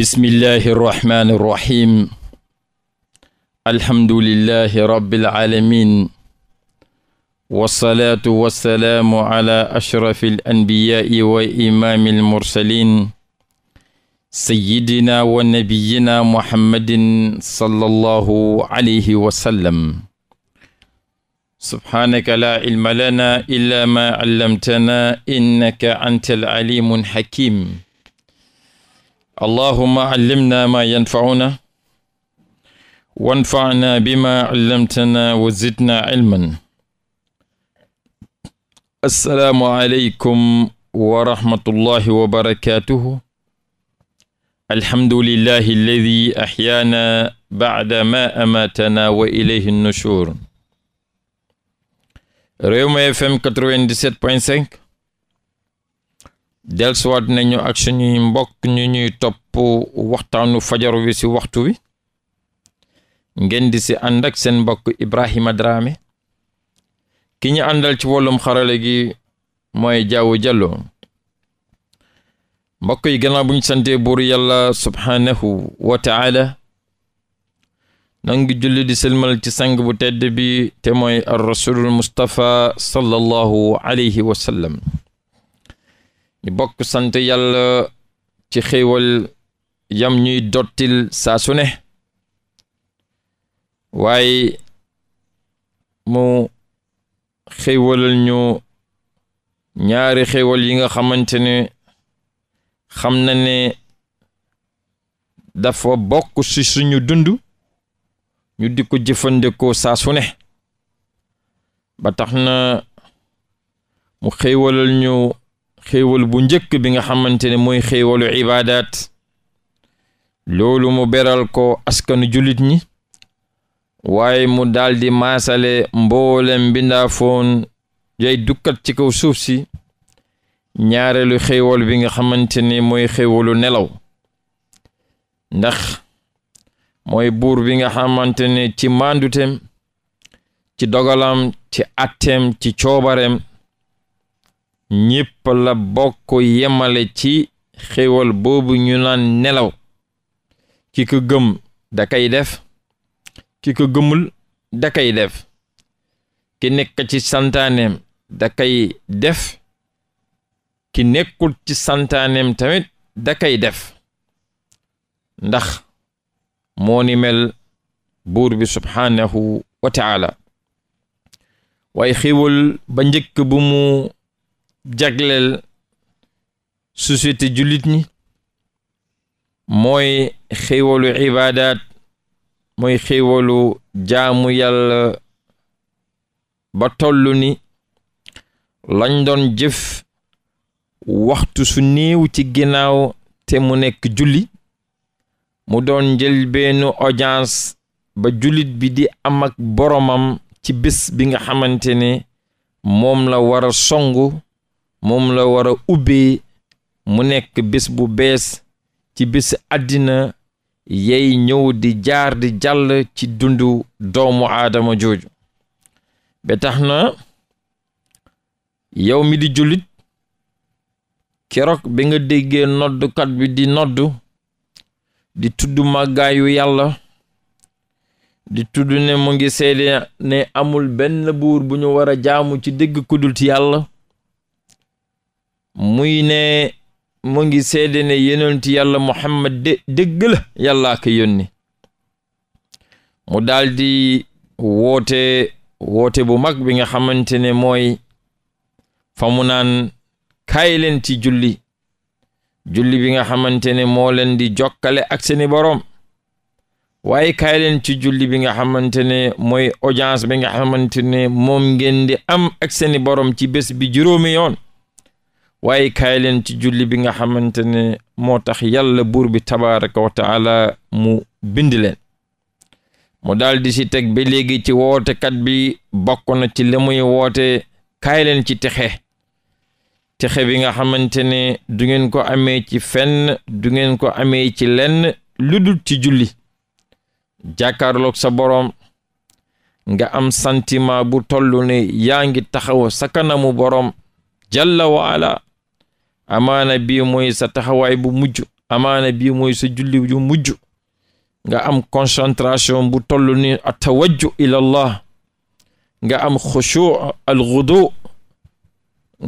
bismillahi irrahmani irrahim alhamdulillahi rabbil alamin wasalaatu wasalaamu ala ashrafi al anbiyaai wa imaami almursalin sayidina wa nabiyina muhammadin sallallahu alayhi wa sallam subhaanaka laa ilma lana illa ma allamtana innaka anta al alimun hakim allahuma callimna maa yanfacuna wanfacna bimaa callamtana wa zidna cilman assalaamu aleykum wa rahmatullahi wa barakatuhu alhamdulillahi alladi axyaana bacda ma amaatana wa ilayhi nushur Rewmi FM 97.5 dellusiwaat nañu ak suñuy mbokk ñu ñuy topp waxtaanu fajar wi ci waxtu wi ngeen di si ànd ak seen mbokk Ibrahima Dramé ki ñu àndal ci wollum xarala gi mooy jaawu jàlloo mbokk yi gannaaw bu ñu santee buur yàlla subhaanahu wa taala nangi julli di sëlmal ci sang bu tedd bi te mooy ar rasulul mustapha sallallahu alayhi wa ñu bokk sant yàlla ci xéewal yam ñuy dottil saa waaye mu xéewalal ñu ñaari xéewal yi nga xamante ne xam na ne dafa bokk ci suñu dund ñu di ko jëfandikoo saa ba tax na mu xéewalal ñu xéewal bu njëkk bi nga xamante ne mooy xéewalu ibaadaat loolu mu beral ko askanu julit ñi waaye mu daldi masale mboolem mbindaafoon jay dukkat ci kaw suuf si ñaareelu xéewal bi nga xamante ne mooy xéewalu nelaw ndax mooy buur bi nga xamante ci mànduteem ci dogalam ci atteem ci coobareem ñépp la bokk yemale ci xéwal boobu ñu naan nelaw ki ko gëm def ki ko gëmul da def ki nekk ci santaaneem da def ki nekkul ci santaaneem tamit da kay def ndax moo ni mel buur bi subhaanahu wa taala waaye ba njëkk bu mu jagleel société julit ñi mooy xéewalu ibaadaat mooy xéewalu jaamu yàlla ba toll ni lañ doon jëf waxtu su néew ci ginnaaw te mu nekk juli mu doon njëlbeenu audience ba julit bi di amak ak boromam ci bés bi nga xamante ni moom la wara songu moom la war a ubbee mu nekk bés bu bees ci bis àddina yey ñëw di jaar di jàll ci dundu doomu aadama jooju ba tax na yow mi di julit keroog bi nga déggee noddukat bi di noddu di tudd màggaayu yàlla di tudd ne mu ngi seede ne amul benn buur bu ñu war a jaamu ci dégg kuddul ci yàlla muy ne mu ngi seede ne yonenti yàlla Muhammad de dëgg la yàllaa ko yónni mu daldi woote woote bu mag bi nga xamante ne mooy fa mu naan kaay leen ci julli julli bi nga xamante ne moo leen di jokkale ak seeni boroom waaye kaay leen ci julli bi nga xamante ne mooy audience bi nga xamante ne moom ngeen di am ak seeni boroom ci bés bi juróomi yoon waaye kaay leen ci julli bi nga xamante ne moo tax yàlla buur bi tabaraka wa mu bind leen mu daldi ci si teg ba léegi ci wootekat bi bokk na ci li muy woote kaay leen ci texe texe bi nga xamante ne du ngeen ko amee ci fenn du ngeen ko amee ci lenn lu dul ci julli jàkkaarloog sa borom nga am sentiment bu toll ne yaa ngi taxaw sa borom boroom jalla wa amaana bii mooy sa taxawaay bu mujj amaana bii mooy sa julli bu mujj nga am concentration bu toll ni atawajju ila allah nga am xushu alxudu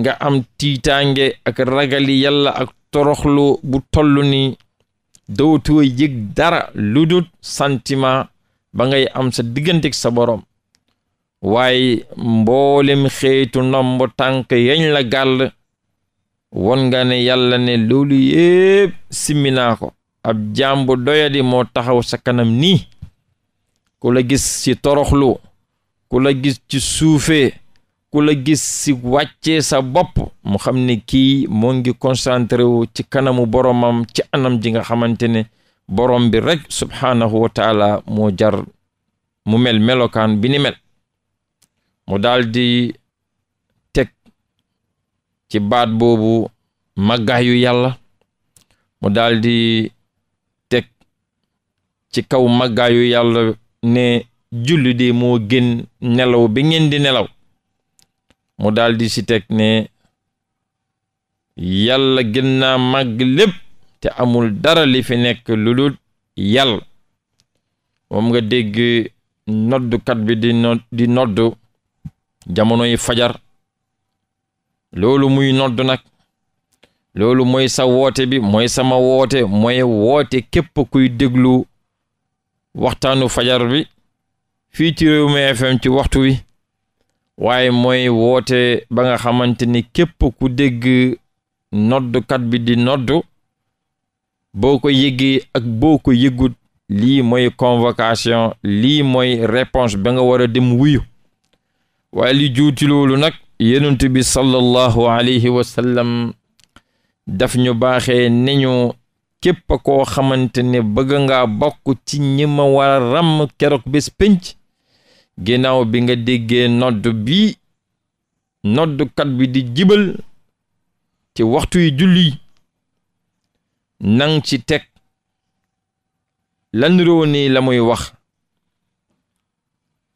nga am tiitaange ak ragali yàlla ak toroxlu bu toll ni dowtoo yëg dara lu dul sentiment ba ngay am sa diggantek sa borom waaye mboolem xeetu ndomb tànk yañ la gàll won nga ne yàlla ne loolu yépp ko ab jaam bu doyadi moo taxaw sa kanam nii ku la gis ci toroxlu ku la gis ci suufee ku la gis si wàccee sa bopp mu xam ne kii moo ngi concentré wu ci kanamu boromam ci anam ji nga xamante ne borom bi rekk subhaanahu wa taala moo jar mu mel melokaan binimel ni daldi ci baat boobu màggaayu yàlla mu daldi teg ci kaw màggaayu yàlla ne julli di moo gën nelaw bi ngeen di nelaw mu daldi si teg ne yàlla gën naa màgg lépp te amul dara li fi nekk lu dul yàlla moom nga dégg noddukat bi di nodd noddu jamonoy fajar loolu muy nodd nag loolu mooy sa woote bi mooy sama woote moy woote képp kuy déglu waxtaanu fajar bi fii ci Rewmi FM ci waxtu wi waaye mooy woote ba nga xamante ni képp ku dégg noddkat bi di noddu boo ko yëgee ak boo ko yëgut lii mooy convocation lii mooy réponse ba nga war a dem wuyu waaye li juuti loolu nag yenent bi sallallahu alayhi wa sallam daf ñu baaxee ne ñu képp koo xamante ne bëgg nga bokk ci ñi ma war a ràmm keroog bés pénc bi nga déggee nodd bi noddukat bi di jibal ci waxtu yu julli nang ci tek lan roo nii la wax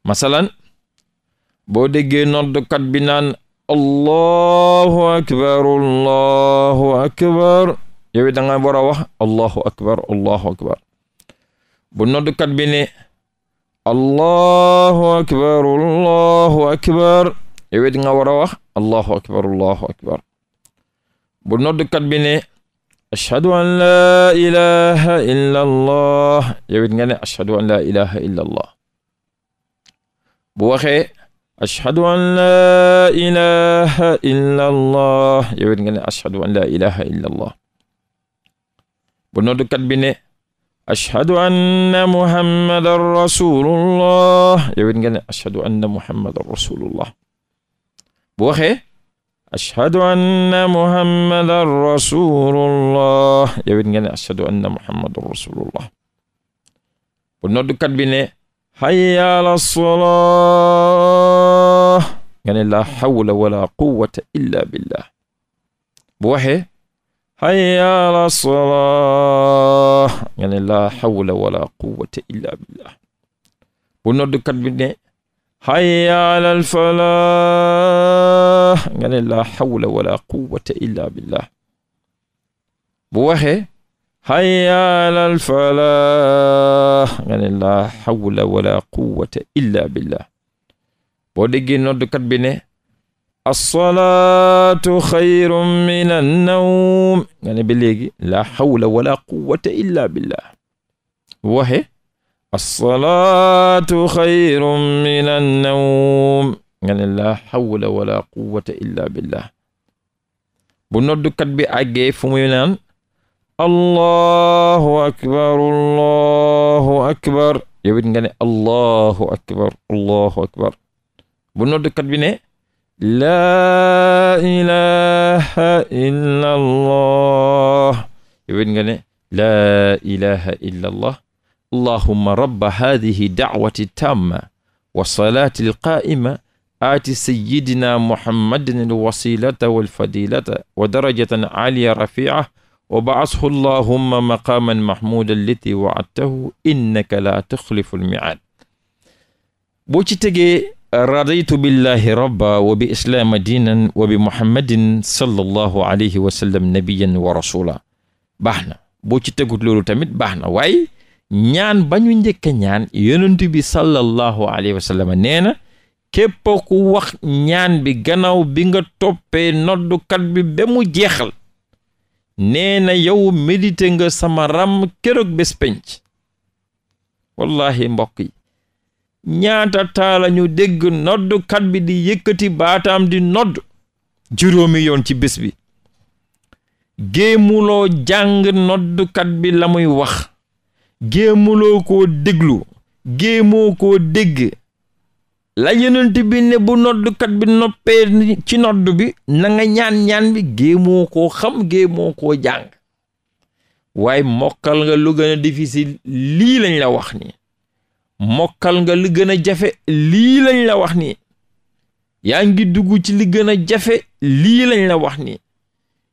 masalan boo déggee noddkat bi naan allahu akbar allahu akbar yow da nga war a wax allahu akbar allahu akbar bu noddkat bi ne allahu akbar allahu akbar yow da nga war a wax allahu akbar allahu akbar bu noddkat bi ne ashhadu an laa ilaha illa allah yow da nga ne ashhadu an laa ilaha illa allah bu waxee ashhadu an laa ilaha illa allah yow it nga ne ashhadu an laa ilaha illa allah bu noddukat bi ne ashhadu anna muhammadan rasulullah yow it nga ne ashhadu anna muhammadan rasulullah bu waxee ashhadu anna muhammadan rasulullah yow it nga ne ashhadu anna muhammadan rasulullah bu noddukat bi ne hayya ala salaa nga la hawla wala quwwata illa billah bu waxe hayya ala salaa nga ne la hawla wala quwwata illa billah bu noddukat bi ne hayya ala al falaah nga la hawla wala quwwata illa billah bu hayya alal falaah nga ne laa hawla wala quwwata illa billah boo déggee noddkat bi ne alsalaatu xayrun min annawm nga ne ba léegi laa hawla wala quwwata illa billah waxe alsalaatu xayrun min annawm nga ne laa wala quwwata illa billah bu noddkat bi àggee fu muy allahu akbar allahu akbar yow it nga ne allahu akbar allahu akbar bu noddkat bi ne laa ilaha illa allah yow it nga ne laa ilaha illa allah allahumma rabba haadihi dacwati tamma wa salaati alqaa'ima aati sayidina muhammadin alwasilata walfadilata wa darajatan caaliya rafiica wa baashu allahumma maqaaman mahmuudan liti waadtahu innaka laa tuxlifu lmiaad boo ci tegee radaytu billahi rabba wa bi islaama diinan wa bi muhammadin sallallahu alayhi wa wa rasula baax na boo ci tegut loolu tamit baax na waaye ñaan bañu ñu njëkk ñaan yonent bi sallallahu alayhi wa sallam nee na képp wax ñaan bi gannaaw bi nga toppee noddukat bi ba mu jeexal neena na yow nga sama ram keroog bés penc wallahi mbokk yi ñaata taala ñu dégg noddkat bi di yëkkati baatam di nodd juróomi yoon ci bés bi géemuloo jàng noddkat bi lamuy wax géemuloo koo déglu géemoo koo dégg la yenent bi ne bu bi noppee ci nodd bi na ñaan-ñaan bi géemoo koo xam géemoo koo jàng waaye mokkal nga lu gën a lii lañ la wax nii mokkal nga lu gën a jafe lii lañ la wax nii yaa ngi dugg ci li gën a jafe lii lañ la wax nii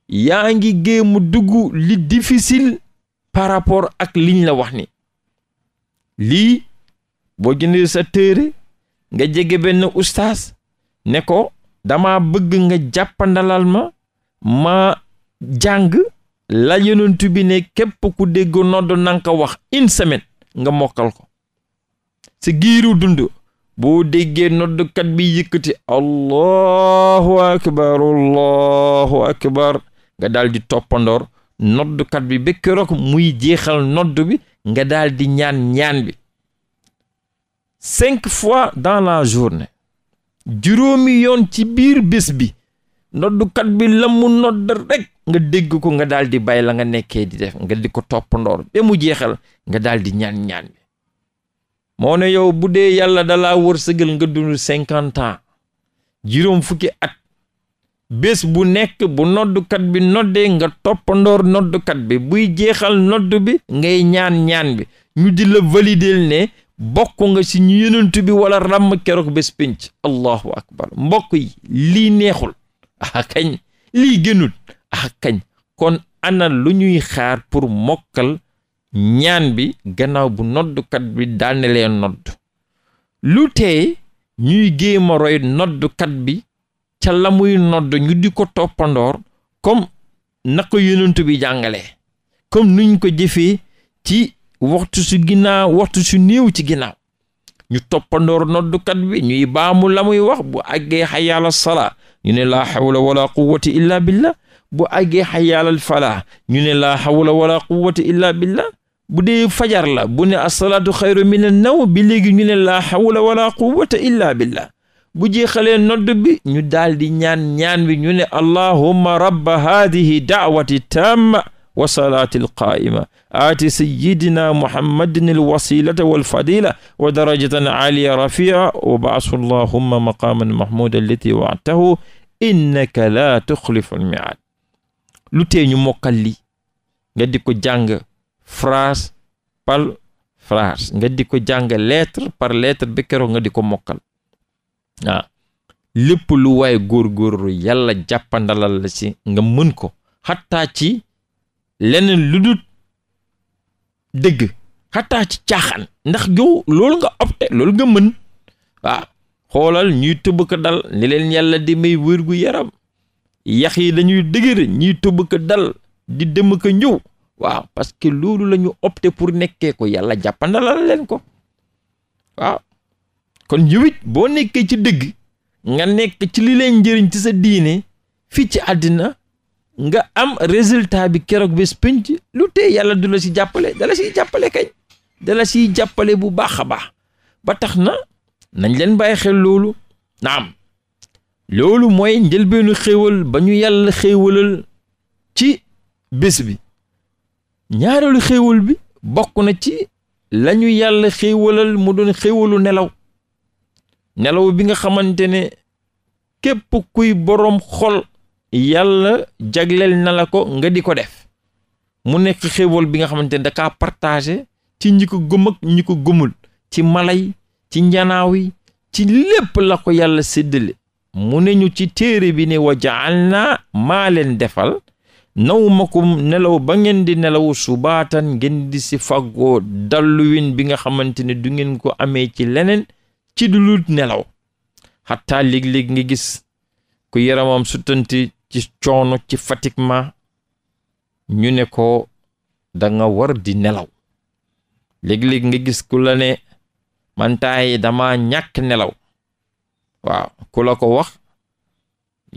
yaa ngi géemu dugg li difisil par rapport ak liñ la wax ni lii boo jëndee sa téere nga jege benn ustaas ne ko dama bëgg nga jàppandalal ma ma jàng la yonent bi ne képp ku dégg nodd na ko wax une semaine nga mokkal ko si giiru dund boo déggee noddkat bi yëkkati allahu akbar allahu akbar nga daldi di toppandoor noddkat bi ba keroog muy jeexal nodd bi nga daldi ñaan ñaan bi cinq fois dans la journée juróomi yoon ci biir bés bi noddukat bi la mu nodd nga dégg ko nga daal di bàyyi la nga nekkee di def nga di ko toppandoor ba mu jeexal nga daal di ñaan-ñaan bi moone ne yow bu dee yàlla dalaa wërsëgal nga dund cinquante ans juróom fukki at bés bu nekk bu noddukat bi noddee nga toppandoor noddukat bi buy jeexal noddu bi ngay ñaan ñaan bi ñu di la ne bokk nga si ñu yenentu bi wala ràmm keroog bés pénc allahu akbar mbokk yi lii neexul ah kañ lii gënul ah kañ kon ana lu ñuy xaar pour mokkal ñaan bi gannaaw bu noddukat bi daanelee nodd lu tee ñuy géem a roy noddukat bi ca la muy ñu di ko toppandoor comme na ko yenentu bi jàngalee comme nuñ ko jëfee ci waxtu su ginnaaw waxtu su néew ci ginnaaw ñu toppandoor noddukat bi ñuy baamu la muy wax bu àggee xayaala salaa ñu ne laa hawla wala quwwata illa billah bu àggee xayaalal falaa ñu ne laa hawla wala quwwata illa billah bu dee fajar la bu ne asalaatu xayru min an naw bi léegi ñu ne laa hawla wala quwwata illa billah bu jeexalee nodd bi ñu daal di ñaan ñaan bi ñu ne allahumma rabba haadihi daawati tamma wa salaati alqaa'ima aati sayidina muhammadin alwasilata walfadila wa darajatan aaliya rafia allahumma maqaaman mahmuda allati waatahu innaka la tuxlifu almiaad lu ñu mokkal li nga di ko jàng phrase par phrase nga di ko jàng lettre par lettre ba keroog di ko mokkal waaw lépp lu waaye góorgóorlu yàlla jàppandalal la ci nga leneen lu dul dëgg xataa ci caaxaan ndax yow loolu nga opté loolu nga mën waaw xoolal ñuy tëbb ko dal ni leen yàlla di may wér yaram yax yi dañuy dëgër ñuy tëbb ko dal di dem ko ñëw waaw parce que loolu lañu ñu opté pour nekkee ko yàlla jàppandalal leen ko waaw kon yow boo nekkee ci dëgg nga nekk ci li leen njëriñ ci sa diine fii ci àddina nga am résultat bi keroog bés pénc lu tee yàlla du la si jàppale dala siy jàppale kañ dala siy jàppale bu baax a baax ba tax na nañ leen bàyyi xel loolu naam loolu mooy njëlbeenu xéewal ba ñu yàlla xéewalal ci bés bi ñaareelu xéewal bi bokk na ci lañu yàlla xéewalal mu doon xéewalu nelaw nelaw bi nga xamante ne képp kuy boroom xol yàlla jagleel na la ko nga di ko def mu nekk xéewal bi nga xamante ne dakaa ci ñi ko gëm ak ñi ko gëmul ci malay ci njanaaw yi ci lépp la ko yàlla séddale mu ne ñu ci téere bi ne wa jaal naa maa leen defal nawmakum nelaw ba ngeen di nelaw subaatan ngeen di si faggoo dalluwin bi nga xamante ne du ngeen ko amee ci leneen ci dulut nelaw xattaa léeg-léeg nga gis ku yaramam suttanti ci coono ci fatiguement ñu ne ko da nga war di nelaw léegi-léegi nga gis ku la ne man dama ñàkk nelaw waaw ku la ko wax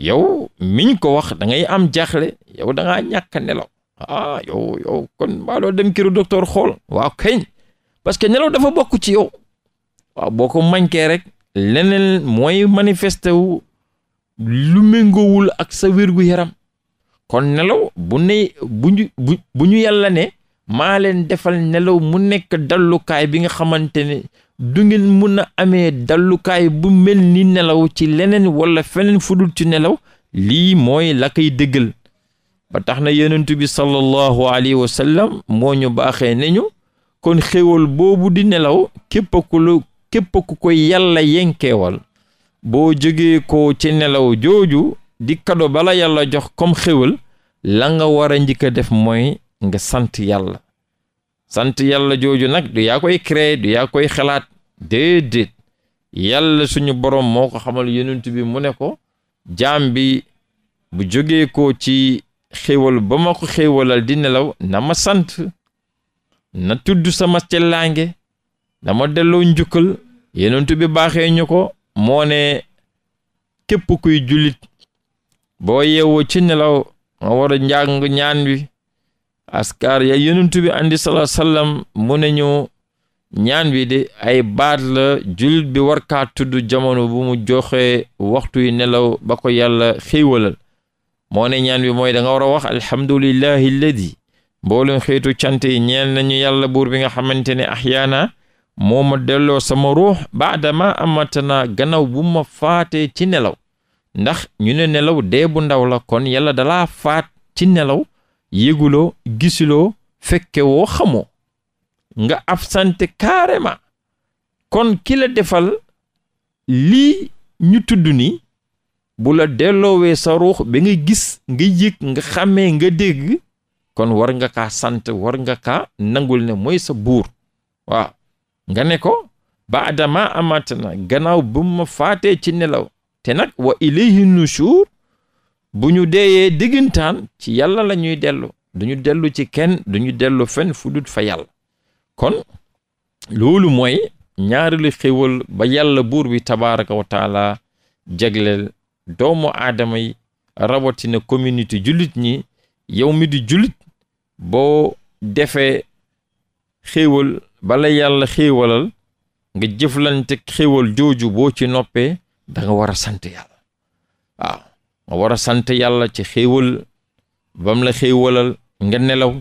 yow miñ ko wax dangay am jaaxle yow da ngaa ñàkk nelaw ah yow yow kon maa doo dem kiru docteur xool waaw kañ parce nelaw dafa bokk ci waaw boo ko manqué rek leneen mooy manifesté wu lu méngoowul ak sa wér yaram kon nelaw bu ne bu ñu bu yàlla ne maa leen defal nelaw mu nekk dallukaay bi nga xamante ne du ngeen mun a amee dallukaay bu mel ni nelaw ci leneen walla feneen fudul ci nelaw lii mooy la koy dëggal tax na yonent bi sallallahu alayhi wa sallam moo ñu baaxee nañu kon xéwal boobu di nelaw képp ku lu képp ku ko yàlla yenkeewal boo jógee ko ci nelaw jooju di kado bala yàlla jox comme xéwal la nga war a njëkk a def mooy nga sant yàlla sant yàlla jooju nag du yaa koy créer du yaa koy xalaat déedéet yàlla suñu borom moo ko xamal yonent bi mu ne ko jaam bi bu jógee ko ci xéwal ba ma ko xéwalal di nelaw na ma sant na tudd sama cellaange dama delloo njukkal yonent bi ko moo ne képp kuy julit boo yeewoo ci nelaw nga war a njàng ñaan wi askar ya yonentu bi andi salaa sallam mu ne ñu ñaan wi de ay baat la jullit bi war kaa tudd jamono bu mu joxe waxtu yi nelaw ba ko yàlla xéewalal moo ne ñaan wi mooy da nga war a wax alhamdulillahi alladi mboolum xeetu cant yi ñeel nañu yàlla buur bi nga xamante ne ahyaana moo ma delloo sama ruux baadama amatana gannaaw bu ma faatee ci nelaw ndax ñu ne nelaw dee bu ndaw la kon yàlla dalaa faat ci nelaw yéguloo gisuloo fekkewoo woo xamoo nga absenté carrément kon ki la defal lii ñu tudd ni bu la delloowee sa ruux ba nga gis nga yëg nga xàmmee nga dégg kon war nga kaa sant war nga kaa nangul ne mooy sa buur waaw nga ne ko ba adama amat na gannaaw bu ma faatee ci nelaw te nag wa ilayhi nushur bu ñu deeyee diggantaan ci yàlla la ñuy dellu duñu dellu ci kenn duñu dellu fen fu dut fa yàlla kon loolu mooy ñaareelu xéwal ba yàlla buur wi tabaraka wa taala jagleel doomu aadama yi rawatina communauté julit ñi yow mi di jullit boo defee xéewal bala yàlla xéewalal nga jëflante xéewal jooju boo ci noppee danga nga war a sant yàlla waaw nga war a sant yàlla ci xéewal bam la xéewalal nga nelaw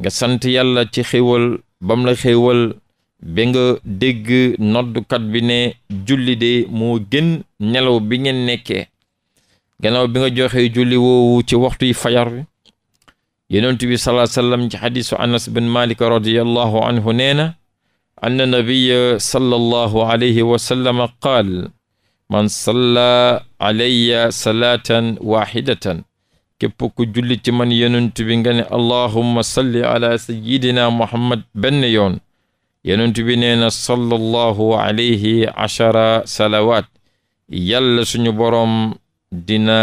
nga sant yàlla ci xéewal bam la xéewal bi nga dégg noddukat bi ne julli de moo gën nelaw bi ngeen nekkee gannaaw bi nga joxee julli woowu ci waxtu yi fajar bi yonent bi salaa sallam ci xadisu anas bin malik radiallahu anhu nee na anna nabiya sallallahu alayhi wa qaal man salla alayya salaatan waxidatan képp ku julli ci man yonent bi nga ne allahumma salli ala sayidina muhammad benn yoon yonent bi nee na sallallahu alayhi achara salawaat yàlla suñu boroom dina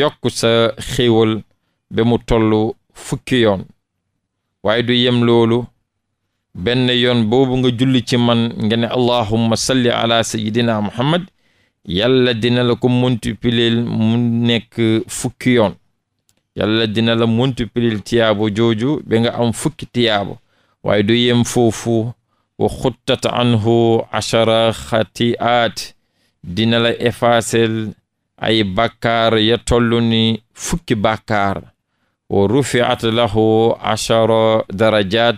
yokk sa ba mu toll fukki yoon waaye du yem loolu benn yoon boobu nga julli ci man nga ne allahumma salli ala sayidina muhammad yàlla dina la ko multiplier mu nekk fukki yoon yàlla dina la multiplier tiyaabo jooju ba nga am fukki tiyaabo waaye du yem foofu wa xuttat anhu achara xatiaat dina la effacer ay bàkkaar ya tollo ni fukki bàkkaar wa rufiat lahu acharo darajat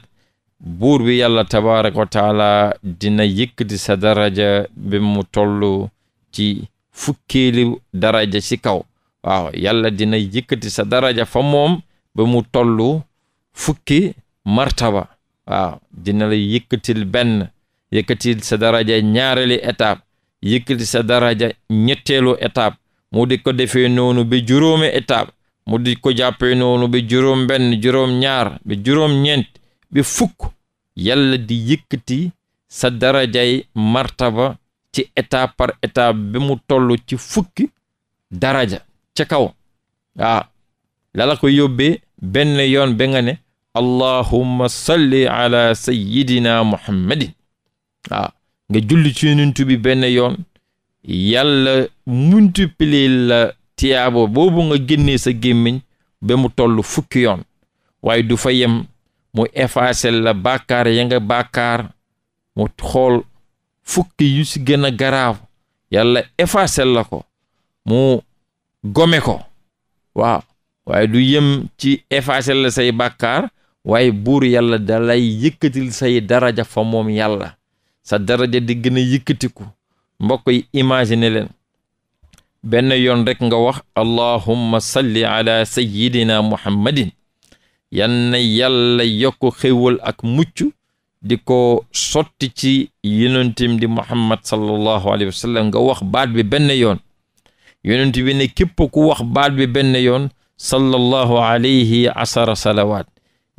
buur bi yàlla tabaraka wa taala dina yëkkati sa daraja bi mu toll ci fukkeeli daraja ci kaw waaw yàlla dina yëkkati sa daraja fa moom ba mu tollu fukki martaba waaw dina la yëkkatil benn yëkkatil sa daraja ñaareelu étape yëkkati sa daraja ñetteelu étape mu di ko defee noonu ba juróomi étape mu di ko jàppee noonu ba juróom benn juróom ñaar ba juróom ñeent ba fukk yàlla di yëkkati sa darajay martaba ci étape par étape bi mu toll ci fukki daraja ca kaw waaw lala ko yóbbee benn yoon ba nga ne allahumma salli ala sayyidina muhammadin waaw nga julli ci yonent benn yoon yàlla multiplier tiyaabo boobu nga génnee sa gémmiñ ba mu toll fukki yoon waaye du fa yem mu effacer la bàkkaar ya nga bàkkaar mu xool fukki yu ci gën a garaaw yàlla effacer la ko mu gome ko waaw waaye du yem ci effacer la say bàkkaar waaye buur yàlla dalay yëkkatil say daraja fa moom yàlla sa daraja di gën a yëkkatiku mbokk yi imagine leen benn yoon rekk nga wax allahumma salli ala sayyidina muhammadin yan na yàlla yokk xéwal ak mucc di ko sotti ci yonentam di muhammad sallallahu alayhi wa nga wax baat bi benn yoon yonent bi képp ku wax baat bi benn yoon sallallahu alayhi asara salawaat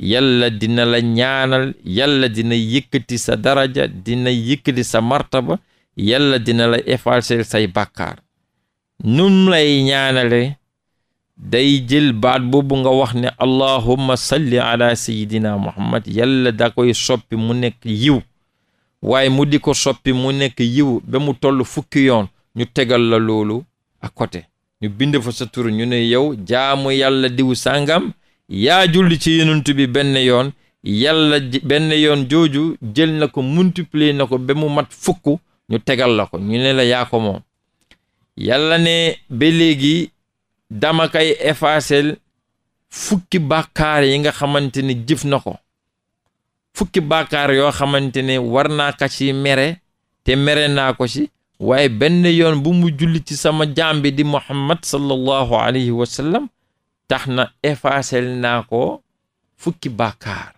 yàlla dina la ñaanal yàlla dina yëkkati sa daraja dina yëkkati sa martaba yàlla dina la effacer say bàkkaar num lay ñaanale day jël baat boobu nga wax ne allahumma salli ala sayidina muhammad yàlla dakoy soppi mu nekk yiw waaye mu di ko soppi mu nekk yiw ba mu toll fukki yoon ñu tegal la loolu à côté ñu bind fa sa tur ñu ne yow jaamu yàlla diw sàngam yaa julli ci yonent bi benn yoon yàlla benn yoon jooju jël na ko multiplier na ko ba mu mat fukk ñu tegal la ko ñu ne la yaako ko moom yàlla ne ba léegi dama kay effacer fukki bàkkaar yi nga xamante ne jëf na ko fukki bàkkaar yoo xamante ne war naa ka ci mere te mere naa ko ci waaye benn yoon bu mu julli ci sama jaam di Muhammad sallallahu alayhi wa sallam tax na effacer naa ko fukki bàkkaar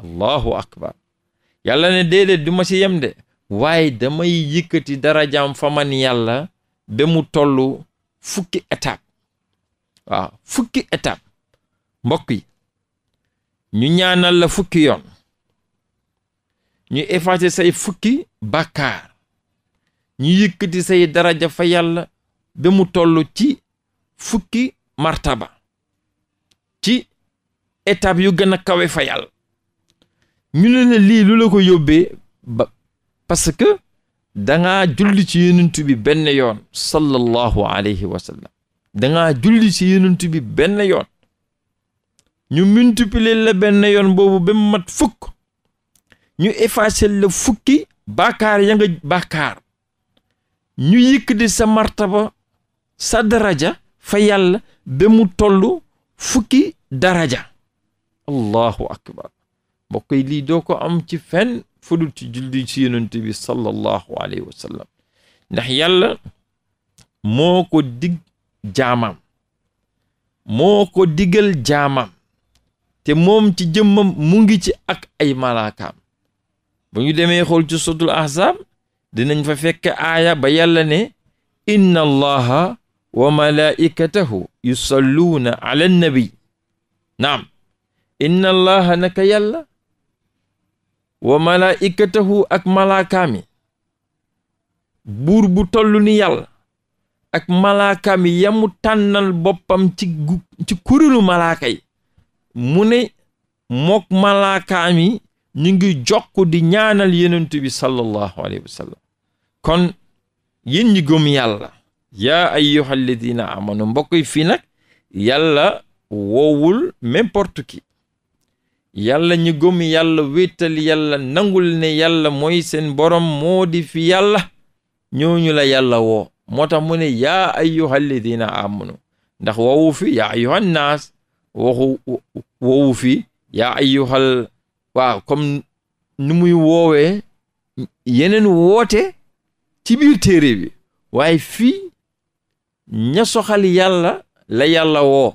allahu akbar yàlla ne déedéet du ma ci yem de waaye damay yëkkati darajaam yàlla ba mu toll fukki étape waaw fukki étape mbokk yi ñu ñaanal la fukki yoon ñu effacer say fukki bàkkaar ñu yëkkati say daraja fa yàlla ba mu tollu ci fukki martaba ci étape yu gën a kawe fa yàlla ñu ne la lii lu la ko yóbbee ba parce danga julli ci yenentu benn yoon sallallahu alayhi wa danga dangaa julli ci yenentu benn yoon ñu multiplier la benn yoon boobu ba mat fukk ñu effacer la fukki bàkkaar ya nga bàkkaar ñu yëkk sa martaba sa daraja fa yàlla ba mu tollu fukki daraja allahu akbar mbokk lii doo am ci fenn fudul ci julli ci yonent bi sallallahu wa sallam ndax yàlla moo ko dig jaamam moo ko digal jaamam te moom ci jëmmam mu ngi ci ak ay malaakaam bu ñu demee xool ci sotul dinañ fa fekk aaya ba yàlla ne inna allaha wa malaikatahu yusalluuna ala nabi naam inna naka yàlla wa malaikatahu ak malaakaami buur bu toll ni yàlla ak malaakaami yamu tànnal boppam ci gu ci kuréelu malaaka mu ne mook malaakaami ñu ngi jokk di ñaanal yenentu bi sallallahu alayhi wa kon yéen ñi gëm yàlla yaa ayyuha alladina amanu mbokk yi fii nag yàlla woowul n'importe qui yàlla ñu gom yàlla wéetal yàlla nangul ne yàlla mooy seen borom moo di fi yàlla ñooñu la yàlla woo moo mune mu ne yaa ayyuhal ladina amanu ndax woowu fi yaa ayyuhan naas waxu fi yaa ayyuhal waaw comme nu woowe woowee yeneen woote ci biir bi waaye fi ña soxal yàlla la yàlla woo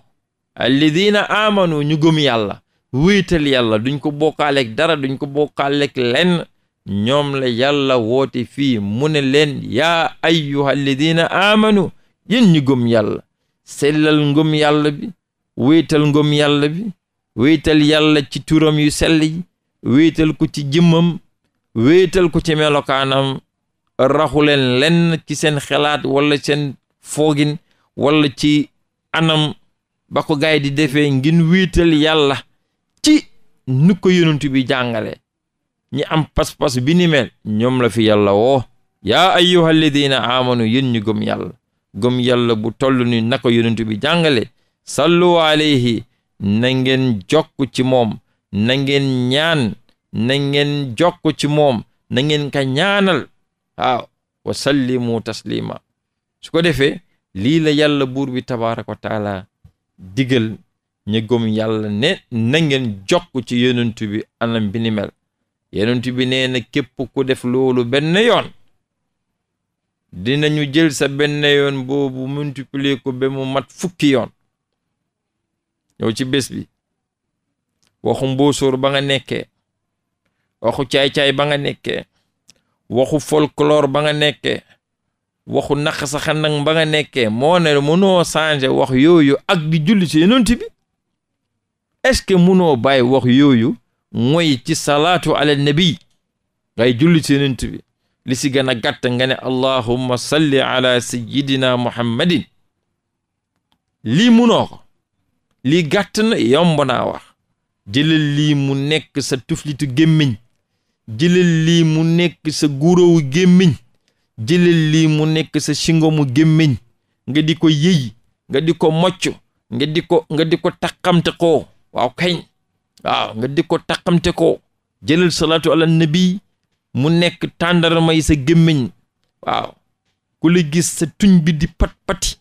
alladina amanu ñu gom yàlla wéetal yàlla duñ ko bokkaaleeg dara duñ ko bokkaaleeg lenn ñoom la yàlla woote fii mu ne leen yaa ayyuha alladina amanu yéen gom gëm yàlla sellal ngëm yàlla bi wéetal ngëm yàlla bi wéetal yàlla ci turam yu sell yi ko ci jëmmam wéetal ko ci melokaanam raxu leen lenn ci seen xalaat walla seen foogin walla ci anam ba ko gaay di ngin wéetal yàlla nu ko yonent bi jàngale ñi am pas-pas bi ni mel ñoom la fi yàlla woo yaa ayyuhal ladina amanu yéen ñu gëm yàlla gëm yàlla bu toll ni na ko yonent bi jàngale sallu alayhi na ngeen jokk ci moom na ngeen ñaan na ngeen jokk ci moom na ngeen ka ñaanal waaw wa sallimu taslima su ko defee liila la yàlla buur bi tabaaraka wa taala digal ña gëm ne na ngeen jokk ci yonent bi anam bi ni mel bi nee képp ku def loolu benn yoon dinañu jël sa benn yoon boobu multiplier ko ba mu mat fukki yoon ñëw ci bés bi waxu mbóosóor ba nga nekkee waxu caay-caay ba nga nekkee waxu folklore ba nga nekkee waxu naq sa xanang ba nga nekkee moo ne mënoo changer wax yooyu ak di julli ci yonent est-ce que munoo bàyyi wax yooyu mooy ci salaatu ala nabi ngay julli ci yonent bi li si gën a gàtt nga ne allahumma salli ala sayyidina muhammadin lii munoo ko lii gàtt na yomb naa wax jëlal lii mu nekk sa tuflitu gémmiñ jëlal lii mu nekk sa guuróowu gémmiñ jëlal lii mu nekk sa singomu gémmiñ nga di ko yëy nga di ko mocc nga di ko nga ko waaw kañ waaw nga di ko taqamte ko jëlal salaatu ala nabi mu nekk may sa gémmiñ waaw ku la gis sa tuñ bi di pat pati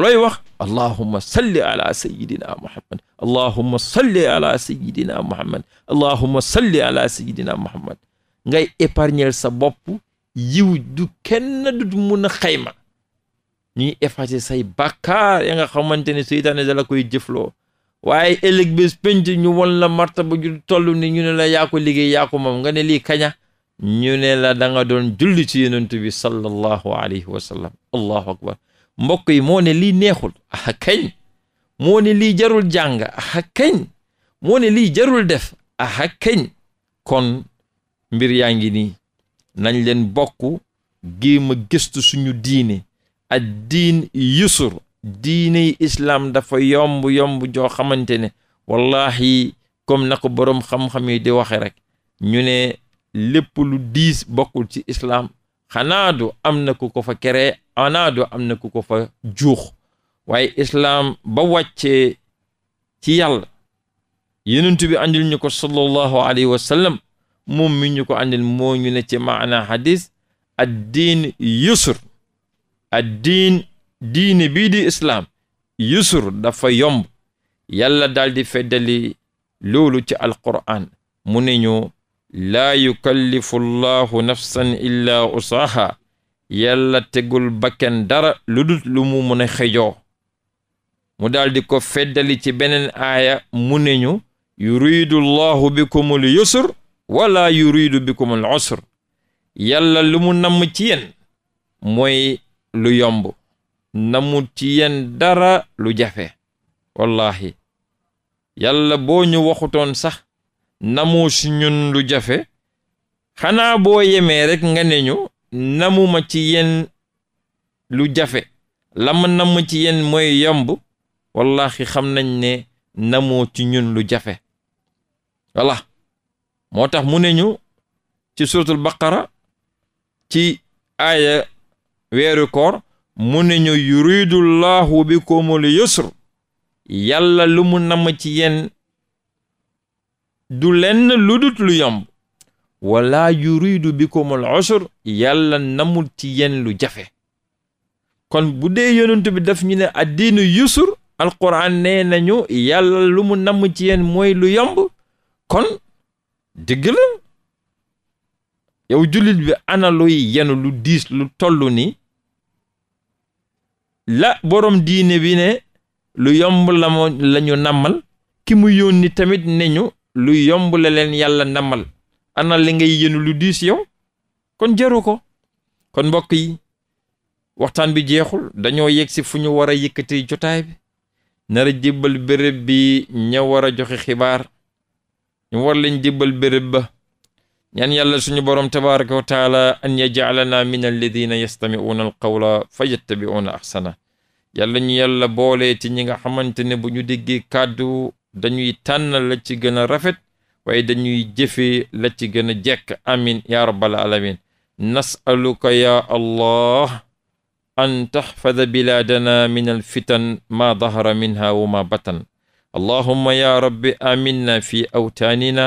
looy wax allahumma salli ala sayidina muhammad allahumma salli ala sayidina muhammad allahumma salli ala sayidina muhammad ngay épargner sa bopp yiw du kenn du mun a xayma ñuy effacer say bàkkaar ya nga xamante ne seytaane dala koy jëfloo waaye ëllëg bés ñu won la martaba ju toll ni ñu ne la liggéey yaa ko moom nga ne lii kaña ñu ne la da doon julli ci yonent bi sallallahu alayhi wa allahu akbar mbokk yi moo ne lii neexul ah moo ne lii jarul jàng ah kañ moo ne lii jarul def ah kañ kon mbir yaa ngi nii nañ leen bokk géem a gëstu suñu diine ad diin yusur diiney islaam dafa yomb yomb joo xamante ne wallahi comme na ko boroom xam-xam yi di waxe rek ñu ne lépp lu diis bokkul ci islaam xanaa du am na ku ko fa keree xanaa du am na ku ko fa juux waaye islaam ba wàccee ci yàlla yenentu bi andil ñu ko sallallahu alayhi wa sallam mi ñu ko andil moo ne ci maana hadis ad diin yusr diine bii di islaam yusur dafa yomb yàlla daldi di feddali loolu ci alqur'an mu ne ñu laa yukallifu llahu nafsan illaa usaaha yàlla tegul bakken dara lu dul lu xejoo mu daldi ko feddali ci benen aaya mu ne ñu yuridu llahu bikumul yusur wala yuridu bikumul usr yàlla lu mu namm ci moy lu yomb namu ci yeen dara lu jafe wallahi yàlla boo ñu waxutoon sax namu si ñun lu jafe xanaa boo yemee rekk nga ne ñu namuma ci yeen lu jafe lam namm ci yeen mooy yomb wallahi xam nañ ne namu ci ñun lu jafe voilà moo tax mu ne ñu ci suratul baqara ci aaya weeru koor mu ne ñu yuridu llahu bikumul yusr yàlla lu mu namm ci yeen du lenn lu dut lu yomb wala yuridu bikumul usr yàlla namul ci yeen lu jafe kon bu dee yonent bi daf ñu ne addiinu yusr alquran nee nañu yàlla lu mu namm ci yen moy lu yomb kon dëgg la yow jullit bi ana luy yenu lu diis lu toll ni la borom diine bi ne lu yomb la moo la nammal ki mu ni tamit ne ñu lu yomb la leen yàlla nammal ana li ngay yéenu lu diis yow kon jaru ko kon mbokk yi waxtaan bi jeexul dañoo yegg si fu ñu war a yëkkati jotaay bi nara jébbal béréb bi ña war a joxe xibaar ñu war leen jébbal béréb ba ñaan yàlla suñu boroom tabaraka wa taala an yajalana min alladina yastamiuuna alqawla fa yattabiuuna ahsana yàlla ñu yàlla boolee ci ñi nga xamante ne bu ñu déggee kàddu dañuy tànn la ci gën a rafet waaye dañuy jëfee la ci gën a jekk amin ya rabbal alamin nasaluka ya allah an taxfada bilaadana min alfitan ma dahara minha wa ma batan allahumma ya rabbi aminna fi awtaanina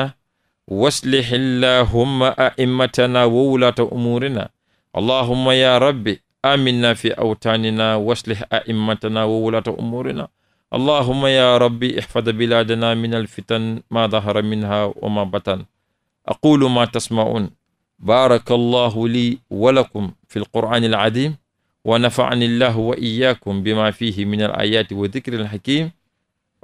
واصلح اللهم أئمتنا وولاة أمورنا اللهم يا ربي آمنا في أوطاننا واصلح أئمتنا وولاة أمورنا اللهم يا ربي احفظ بلادنا من الفتن ما ظهر منها وما بطن أقول ما تسمعون بارك الله لي ولكم في القرآن العظيم ونفعني الله وإياكم بما فيه من الآيات وذكر الحكيم